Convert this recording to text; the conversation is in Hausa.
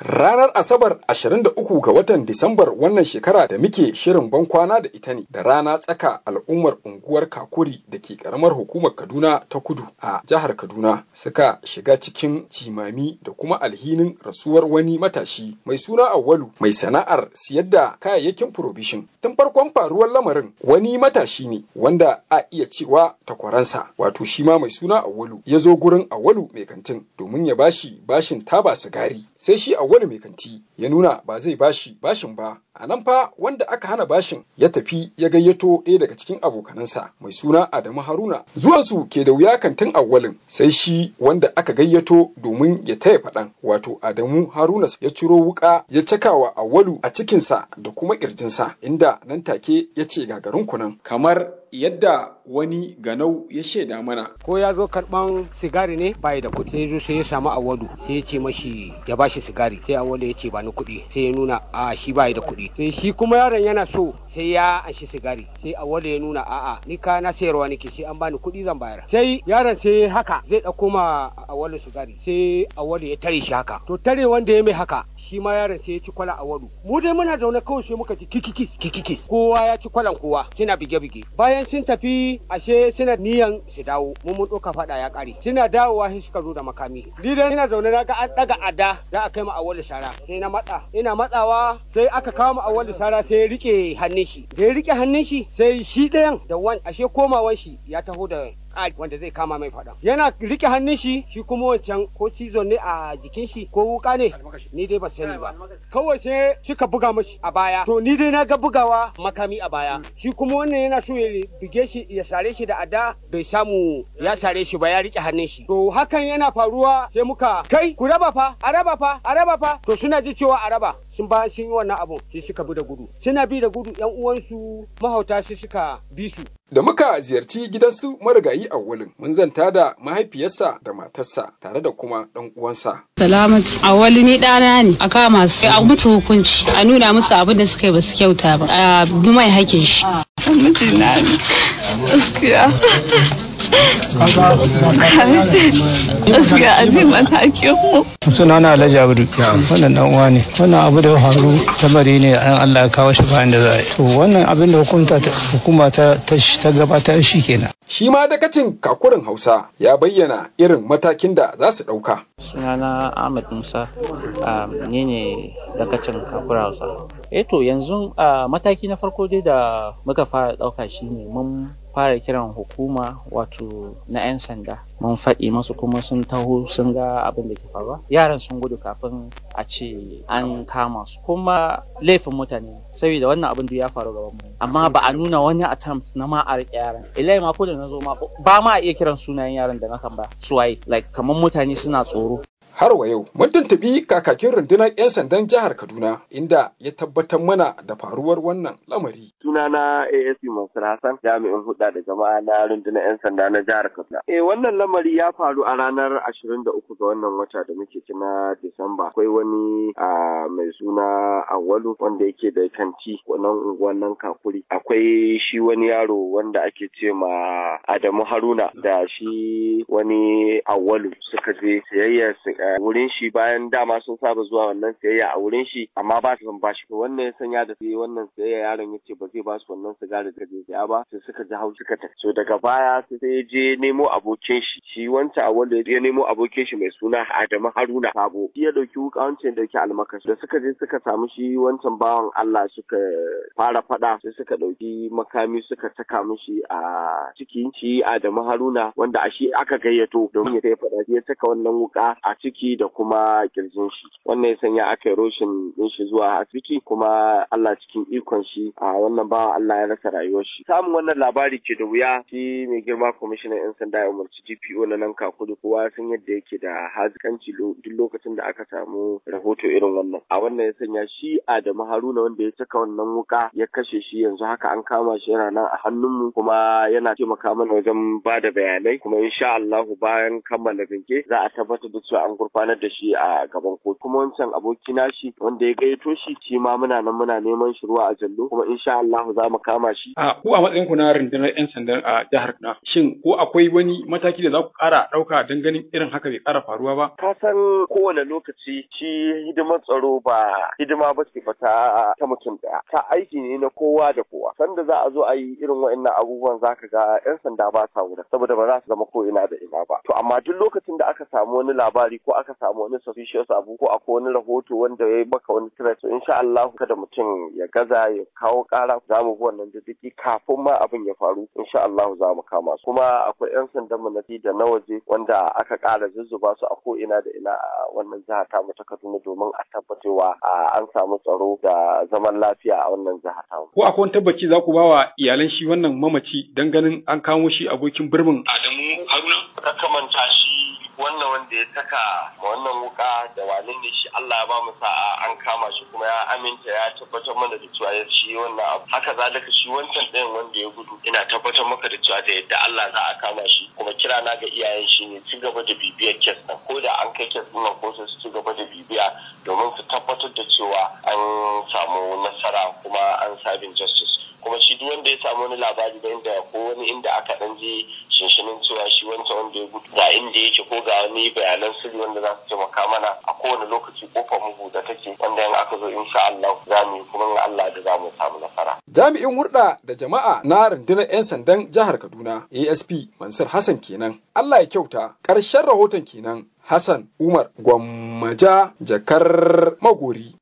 Ranar Asabar 23 ga watan Disambar wannan shekara da muke shirin ban kwana da ita ne da rana tsaka al'ummar unguwar Kakuri da ke karamar hukumar Kaduna ta Kudu a jihar Kaduna suka shiga cikin jimami da kuma alhinin rasuwar wani matashi mai suna Auwalu mai sana'ar siyar da kayayyakin provision. Tun farkon faruwar lamarin wani matashi ne wanda a iya cewa takwaransa wato shi ma mai suna Auwalu ya zo gurin Auwalu mai kantin domin ya bashi bashin taba sigari sai shi wani mai kanti ya nuna ba zai bashi bashin ba. A nan fa wanda aka hana bashin ya tafi ya gayyato ɗaya daga cikin abokanansa mai suna Adamu Haruna. Zuwansu ke da wuya kantin Awwalin sai shi wanda aka gayyato domin ya taya faɗan wato Adamu Haruna ya ciro wuƙa ya cakawa Awwalu a cikinsa da kuma ƙirjinsa inda nan take ya ce gagarin kunan kamar yadda wani ganau ya shaida mana. Ko ya zo karban sigari ne bai da kuɗi. Sai zo sai ya samu awadu sai ya ce mashi ya shi sigari sai awadu ya ce ba ni kuɗi sai ya nuna a shi bai da kuɗi. Sai shi kuma yaron yana so sai ya anshi sigari sai awadu ya nuna a'a ni ka na sayarwa nake sai an bani kuɗi zan bayar. Sai yaron sai haka zai ɗauko ma awadu sigari sai awadu ya tare shi haka. To tare wanda ya mai haka shi ma yaron sai ya ci kwala awadu. Mu dai muna zaune kawai sai muka ci kikikis kikikis kowa ya ci kwalan kowa suna bige-bige. Bayan bayan sun tafi ashe suna niyan su dawo mun mun doka fada ya kare suna dawowa sai suka zo da makami ni dan ina zaune na ga an daga ada za a kai mu awwal shara sai na matsa ina matsawa sai aka kawo mu awwal shara sai rike hannun shi da ya rike hannun shi sai shi dayan da wan ashe komawan shi ya taho da wanda zai kama mai faɗa yana rike hannun shi shi kuma wancan ko cizon ne a jikin shi ko wuka ne ni dai ba sani ba kawai sai suka buga mashi a baya to ni dai na ga bugawa makami a baya hmm. shi kuma wannan yana so ya buge shi ya sare shi da ada bai samu ya sare shi ba ya rike hannun shi to hakan yana faruwa sai muka kai ku raba fa a raba fa a raba fa to suna ji cewa a raba sun ba sun yi wannan abu. sai suka bi da gudu suna bi da gudu yan uwansu mahauta sai suka bi su Da muka ziyarci gidansu marigayi a wulin, mun zanta da mahaifiyarsa da matarsa tare da kuma ɗan uwansa. Salamatu, A wali ni ɗana ne, a kama su, a mutu hukunci, a nuna musu abin da suka yi ba su kyauta ba, a bi mai hakin shi. Mijina ne, gaskiya. gaskiya abin matakin mu na alhaji abu wannan dan uwa ne wannan abu da ya faru ne an Allah ya kawo shi bayan da za a yi wannan abin da hukuma ta ta gabatar shi kenan shi ma dakacin kakurin Hausa ya bayyana irin matakin da za su dauka sunana Ahmad Musa ah, ni ne dakacin kakurin Hausa eh to yanzu ah, mataki na farko dai da muka fara dauka shine mun fara kiran hukuma wato na 'yan sanda mun faɗi masu kuma sun taho sun ga abin da ke faruwa yaran sun gudu kafin a ce an kama su kuma laifin mutane saboda wannan abin da ya faru gaban mu amma ba a nuna wani attempt na ma a riƙe yaran illahi ma ko da na zo ma ba ma a iya kiran sunayen yaran da na kan ba suwaye like kamar mutane suna tsoro Har wa yau mun tuntuɓi kakakin rundunar 'yan sandan jihar Kaduna inda ya tabbatar mana da faruwar wannan lamari. na ASP Mansur Hassan jami'in hudda da jama'a na rundunar 'yan sanda na jihar Kaduna. Eh wannan lamari ya faru a ranar 23 ga wannan wata da muke ci na Disamba. Akwai wani mai suna Awalu wanda yake da kanti wannan unguwannan kakuri. Akwai shi wani yaro wanda ake ce ma Adamu Haruna da shi wani Awalu suka je siyayyar wurin shi bayan dama sun saba zuwa wannan sayayya a wurin shi amma ba su ba bashi wannan ya sanya da sai wannan sayayya yaron ya ce ba zai ba su wannan sigari da zai ba sai suka ji haushi suka tafi so daga baya sai ya je nemo abokin shi shi wancan a wanda ya nemo abokin shi mai suna Adamu Haruna Sabo shi ya dauki wuka wancan da yake almakashi da suka je suka samu shi wancan bawan Allah suka fara fada sai suka dauki makami suka saka mishi a cikin shi Adamu Haruna wanda a shi aka gayyato domin ya kai fada ya saka wannan wuka a cikin ciki da kuma kirjin shi wannan ya sanya aka yi roshin din shi zuwa asibiti kuma Allah cikin ikon shi a wannan ba Allah ya rasa rayuwar shi samun wannan labari ke da wuya shi mai girma commissioner yan sanda ya umarci G.P.O na nan kakudu kowa san yadda yake da hazikanci duk lokacin da aka samu rahoto irin wannan a wannan ya sanya shi Adamu Haruna wanda ya cika wannan wuka ya kashe shi yanzu haka an kama shi yana nan a hannunmu kuma yana taimaka mana wajen ba da bayanai kuma insha Allah bayan kammala bincike za a tabbatar da cewa an gurfanar da shi a gaban kotu kuma wancan aboki na shi wanda ya gayyato shi shi ma muna nan muna neman shi ruwa a jallo kuma insha Allah za mu kama shi a ku a matsayin ku na rundunar yan sandan a jihar na shin ko akwai wani mataki da za ku kara ɗauka don ganin irin haka bai ƙara faruwa ba ka san kowane lokaci shi hidimar tsaro ba hidima ba ce ba ta ta mutum ɗaya ta aiki ne na kowa da kowa sanda za a zo a yi irin wa'annan abubuwan ka ga yan sanda ba sa wuri saboda ba za su zama ko ina da ina ba to amma duk lokacin da aka samu wani labari ko aka samu wani suspicious abu ko akwai wani rahoto wanda ya yi baka wani threat in sha Allah kada mutum ya gaza ya kawo kara za mu bi wannan diddiki kafin ma abin ya faru in sha Allah za mu kama su kuma akwai yan sandan mu na da na waje wanda aka kara zuzzuba su a ko ina da ina a wannan jiha ta mu ta Kaduna domin a tabbacewa an samu tsaro da zaman lafiya a wannan jiha ta ko akwai wani tabbaci za ku ba wa iyalan shi wannan mamaci dan ganin an kawo shi abokin birnin Adamu Haruna ka kamanta shi wannan wanda ya saka wannan wuka da wani ne shi Allah ya ba mu sa'a an kama shi kuma ya aminta ya tabbatar mana da cewa ya shi wannan abu haka zalika shi wancan ɗayan wanda ya gudu ina tabbatar maka da cewa da yadda Allah za a kama shi kuma kira na ga iyayen shi ne ci gaba da bibiyar kes na ko da an kai kes ɗin ko su ci gaba da bibiya domin su tabbatar da cewa an samu nasara kuma an sabin justice kuma shi duk wanda ya samu wani labari da inda ko wani inda aka dan je shinshinin cewa shi wancan wanda ya gudu ga inda yake ko ga wani bayanan sirri wanda za su taimaka mana a kowane lokaci kofar mu da take wanda in aka zo insha Allah za mu yi kuma in Allah da za mu samu nasara. Jami'in hurɗa da jama'a na rundunar 'yan sandan jihar Kaduna ASP Mansur Hassan kenan. Allah ya kyauta ƙarshen rahoton kenan Hassan Umar Gwammaja Jakar Magori.